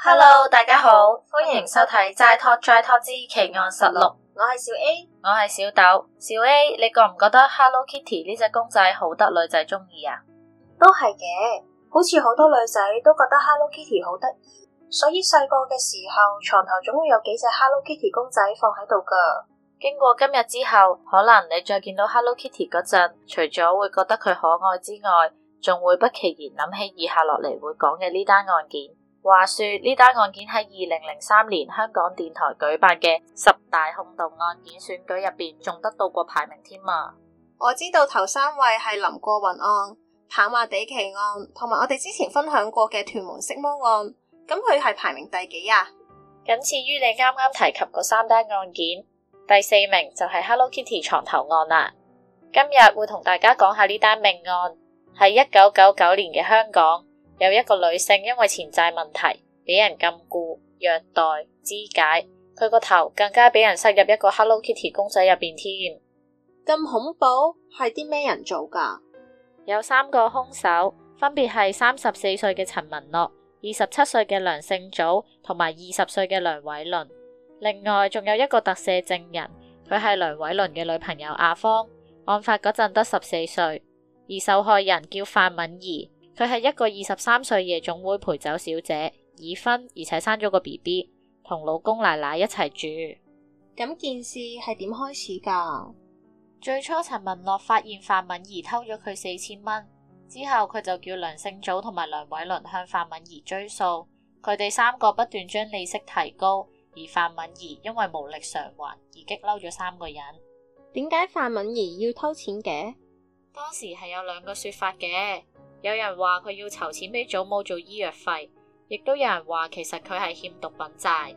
Hello，, Hello. 大家好，歡迎收睇齋托齋托之奇案實錄。我係小 A，我係小豆。小 A，你覺唔覺得 Hello Kitty 呢隻公仔好得女仔鍾意啊？都係嘅，好似好多女仔都覺得 Hello Kitty 好得意，所以細個嘅時候床頭總會有幾隻 Hello Kitty 公仔放喺度㗎。經過今日之後，可能你再見到 Hello Kitty 嗰陣，除咗會覺得佢可愛之外，仲會不其然諗起以下落嚟會講嘅呢單案件。話說呢單案件喺二零零三年香港電台舉辦嘅十大轟動案件選舉入邊，仲得到過排名添啊。我知道頭三位係林過雲案、跑馬地奇案，同埋我哋之前分享過嘅屯門色魔案。咁佢係排名第幾啊？僅次於你啱啱提及嗰三單案件，第四名就係 Hello Kitty 床頭案啦。今日會同大家講下呢單命案，係一九九九年嘅香港。有一個女性因為錢債問題俾人禁錮、虐待、肢解，佢個頭更加俾人塞入一個 Hello Kitty 公仔入邊添。咁恐怖，係啲咩人做噶？有三個凶手，分別係三十四歲嘅陳文樂、二十七歲嘅梁勝祖同埋二十歲嘅梁偉倫。另外仲有一個特赦證人，佢係梁偉倫嘅女朋友阿芳，案發嗰陣得十四歲，而受害人叫樊敏儀。佢係一個二十三歲夜總會陪酒小姐，已婚而且生咗個 B B，同老公奶奶一齊住。咁件事係點開始噶？最初陳文樂發現樊敏儀偷咗佢四千蚊，之後，佢就叫梁勝祖同埋梁偉倫向樊敏儀追數。佢哋三個不斷將利息提高，而樊敏儀因為無力償還而激嬲咗三個人。點解樊敏儀要偷錢嘅？當時係有兩個說法嘅。有人話佢要籌錢俾祖母做醫藥費，亦都有人話其實佢係欠毒品債，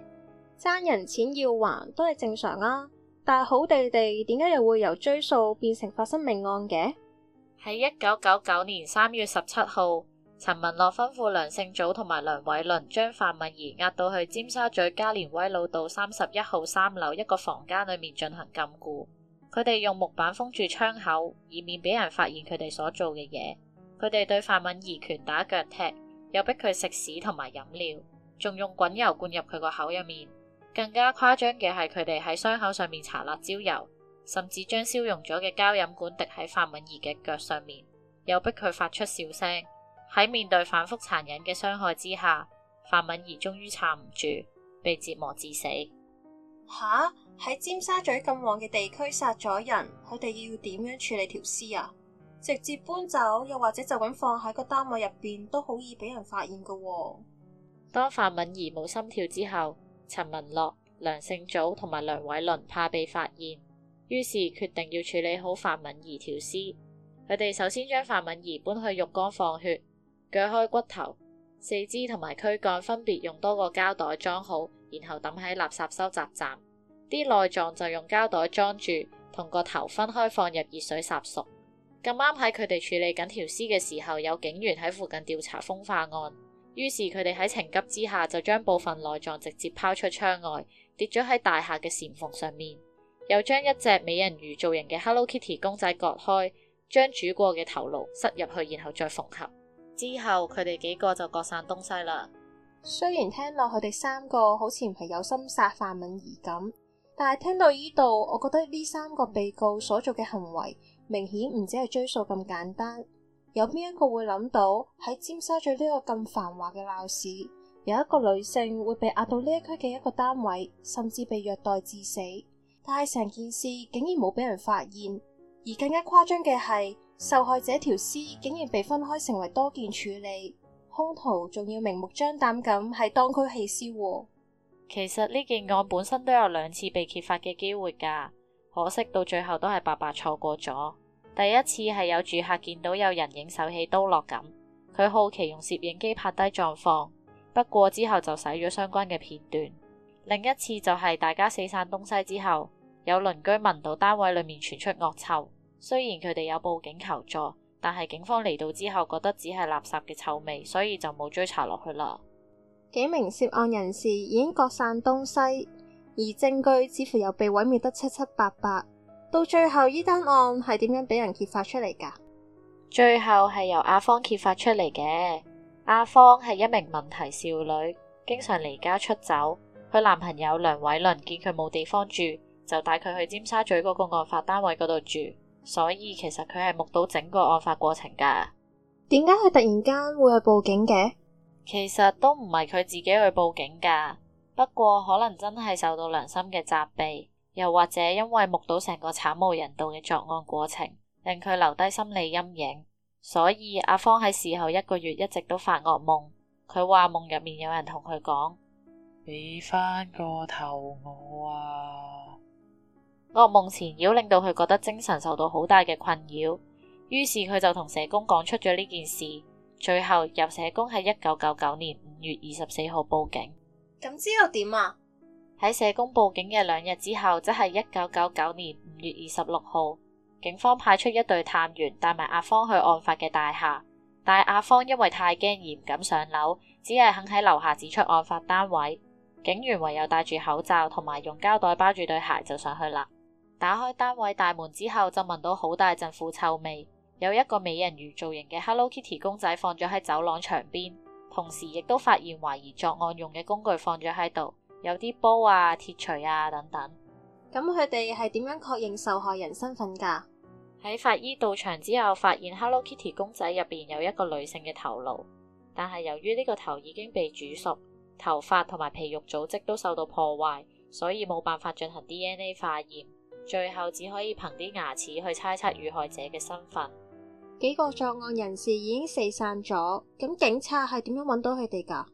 爭人錢要還都係正常啊，但係好地地點解又會由追數變成發生命案嘅？喺一九九九年三月十七號，陳文樂吩咐梁勝祖同埋梁偉倫將樊敏儀押到去尖沙咀加連威老道三十一號三樓一個房間裏面進行禁錮，佢哋用木板封住窗口，以免俾人發現佢哋所做嘅嘢。佢哋對樊敏儀拳打腳踢，又逼佢食屎同埋飲料，仲用滾油灌入佢個口入面。更加誇張嘅係，佢哋喺傷口上面搽辣椒油，甚至將燒溶咗嘅膠飲管滴喺樊敏儀嘅腳上面，又逼佢發出笑聲。喺面對反覆殘忍嘅傷害之下，樊敏儀終於撐唔住，被折磨致死。吓，喺尖沙咀咁旺嘅地區殺咗人，佢哋要點樣處理條屍啊？直接搬走，又或者就噉放喺個單位入邊，都好易俾人發現㗎喎。當范敏儀冇心跳之後，陳文樂、梁勝祖同埋梁偉倫怕被發現，於是決定要處理好范敏儀條屍。佢哋首先將范敏儀搬去浴缸放血，鋸開骨頭、四肢同埋軀幹，分別用多個膠袋裝好，然後抌喺垃圾收集站。啲內臟就用膠袋裝住，同個頭分開放入熱水烚熟，熟。咁啱喺佢哋處理緊條屍嘅時候，有警員喺附近調查風化案，於是佢哋喺情急之下就將部分內臟直接拋出窗外，跌咗喺大廈嘅禪縫上面，又將一隻美人魚造型嘅 Hello Kitty 公仔割開，將煮過嘅頭顱塞入去，然後再縫合之後，佢哋幾個就各散東西啦。雖然聽落佢哋三個好似唔係有心殺樊敏儀咁，但係聽到呢度，我覺得呢三個被告所做嘅行為，明顯唔止係追數咁簡單，有邊一個會諗到喺尖沙咀呢個咁繁華嘅鬧市，有一個女性會被壓到呢一區嘅一個單位，甚至被虐待致死，但係成件事竟然冇俾人發現，而更加誇張嘅係，受害者條屍竟然被分開成為多件處理，兇徒仲要明目張膽咁喺當區棄屍。其實呢件案本身都有兩次被揭發嘅機會噶，可惜到最後都係白白錯過咗。第一次係有住客見到有人影手起刀落咁，佢好奇用攝影機拍低狀況，不過之後就洗咗相關嘅片段。另一次就係大家死散東西之後，有鄰居聞到單位裏面傳出惡臭，雖然佢哋有報警求助，但係警方嚟到之後覺得只係垃圾嘅臭味，所以就冇追查落去啦。幾名涉案人士已經各散東西，而證據似乎又被毀滅得七七八八。到最後呢單案係點樣俾人揭發出嚟噶？最後係由阿芳揭發出嚟嘅。阿芳係一名問題少女，經常離家出走。佢男朋友梁偉倫見佢冇地方住，就帶佢去尖沙咀嗰個案發單位嗰度住。所以其實佢係目睹整個案發過程噶。點解佢突然間會去報警嘅？其實都唔係佢自己去報警噶，不過可能真係受到良心嘅責備。又或者因為目睹成個慘無人道嘅作案過程，令佢留低心理陰影，所以阿芳喺事後一個月一直都發噩夢。佢話夢入面有人同佢講：俾翻個頭我啊！噩夢纏繞令到佢覺得精神受到好大嘅困擾，於是佢就同社工講出咗呢件事。最後由社工喺一九九九年五月二十四號報警。咁之後點啊？喺社工報警嘅兩日之後，即係一九九九年五月二十六號，警方派出一隊探員帶埋阿芳去案發嘅大廈，但阿芳因為太驚而唔敢上樓，只係肯喺樓下指出案發單位。警員唯有戴住口罩同埋用膠袋包住對鞋就上去啦。打開單位大門之後，就聞到好大陣腐臭味，有一個美人魚造型嘅 Hello Kitty 公仔放咗喺走廊牆邊，同時亦都發現懷疑作案用嘅工具放咗喺度。有啲煲啊、鐵錘啊等等。咁佢哋係點樣確認受害人身份噶？喺法醫到場之後，發現 Hello Kitty 公仔入邊有一個女性嘅頭顱，但係由於呢個頭已經被煮熟，頭髮同埋皮肉組織都受到破壞，所以冇辦法進行 DNA 化驗，最後只可以憑啲牙齒去猜測遇害者嘅身份。幾個作案人士已經四散咗，咁警察係點樣揾到佢哋噶？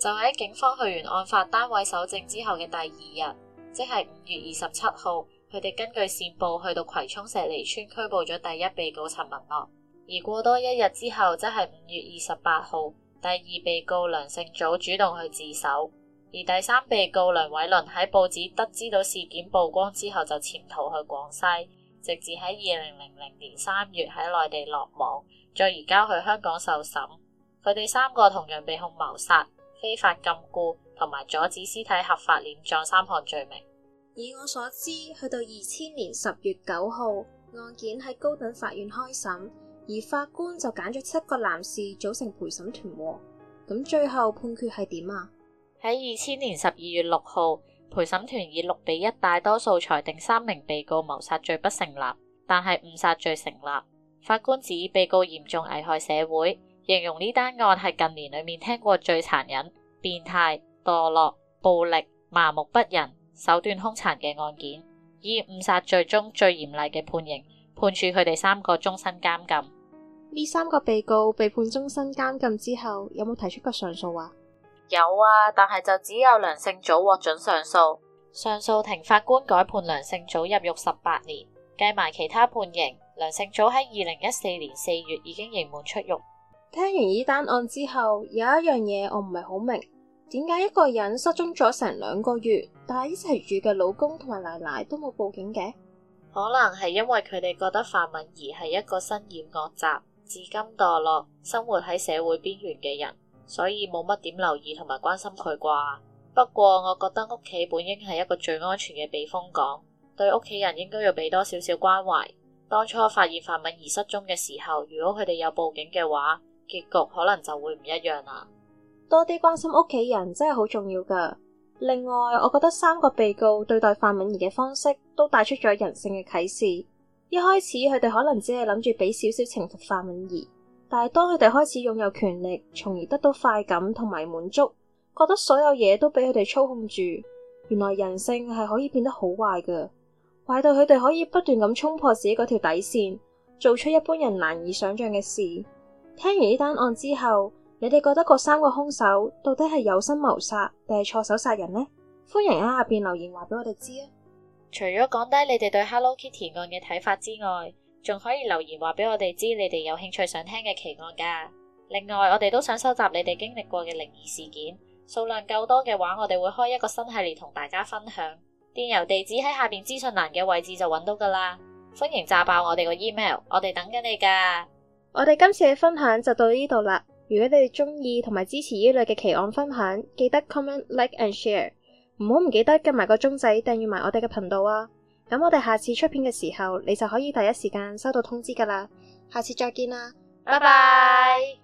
就喺警方去完案發單位搜證之後嘅第二日，即係五月二十七號，佢哋根據線報去到葵涌石梨村拘捕咗第一被告陳文樂。而過多一日之後，即係五月二十八號，第二被告梁勝祖主動去自首。而第三被告梁偉倫喺報紙得知到事件曝光之後，就潛逃去廣西，直至喺二零零零年三月喺內地落網，再移交去香港受審。佢哋三個同樣被控謀殺。非法禁錮同埋阻止屍體合法殮葬三項罪名。以我所知，去到二千年十月九號，案件喺高等法院開審，而法官就揀咗七個男士組成陪審團喎。咁最後判決係點啊？喺二千年十二月六號，陪審團以六比一大多數裁定三名被告謀殺罪不成立，但係誤殺罪成立。法官指被告嚴重危害社會。形容呢單案係近年裏面聽過最殘忍、變態、墮落、暴力、麻木不仁、手段兇殘嘅案件，以誤殺罪中最嚴厲嘅判刑，判處佢哋三個終身監禁。呢三個被告被判終身監禁之後，有冇提出過上訴啊？有啊，但係就只有梁勝祖獲准上訴。上訴庭法官改判梁勝祖入獄十八年，計埋其他判刑，梁勝祖喺二零一四年四月已經刑滿出獄。聽完呢單案之後，有一樣嘢我唔係好明，點解一個人失蹤咗成兩個月，但係一齊住嘅老公同埋奶奶都冇報警嘅？可能係因為佢哋覺得樊敏儀係一個身染惡習、至今墮落、生活喺社會邊緣嘅人，所以冇乜點留意同埋關心佢啩？不過我覺得屋企本應係一個最安全嘅避風港，對屋企人應該要俾多少少關懷。當初發現樊敏儀失蹤嘅時候，如果佢哋有報警嘅話，結局可能就會唔一樣啦。多啲關心屋企人真係好重要噶。另外，我覺得三個被告對待樊敏儀嘅方式都帶出咗人性嘅啟示。一開始佢哋可能只係諗住俾少少懲罰樊敏儀，但係當佢哋開始擁有權力，從而得到快感同埋滿足，覺得所有嘢都俾佢哋操控住，原來人性係可以變得好壞噶，壞到佢哋可以不斷咁衝破自己嗰條底線，做出一般人難以想象嘅事。聽完呢單案之後，你哋覺得嗰三個凶手到底係有心謀殺定係錯手殺人呢？歡迎喺下邊留言話俾我哋知啊！除咗講低你哋對 Hello Kitty 案嘅睇法之外，仲可以留言話俾我哋知你哋有興趣想聽嘅奇案噶。另外，我哋都想收集你哋經歷過嘅靈異事件，數量夠多嘅話，我哋會開一個新系列同大家分享。電郵地址喺下邊資訊欄嘅位置就揾到噶啦，歡迎炸爆我哋個 email，我哋等緊你噶。我哋今次嘅分享就到呢度啦。如果你哋中意同埋支持呢類嘅奇案分享，記得 comment like and share，唔好唔記得撳埋個鐘仔訂閱埋我哋嘅頻道啊。咁我哋下次出片嘅時候，你就可以第一時間收到通知噶啦。下次再見啦，拜拜。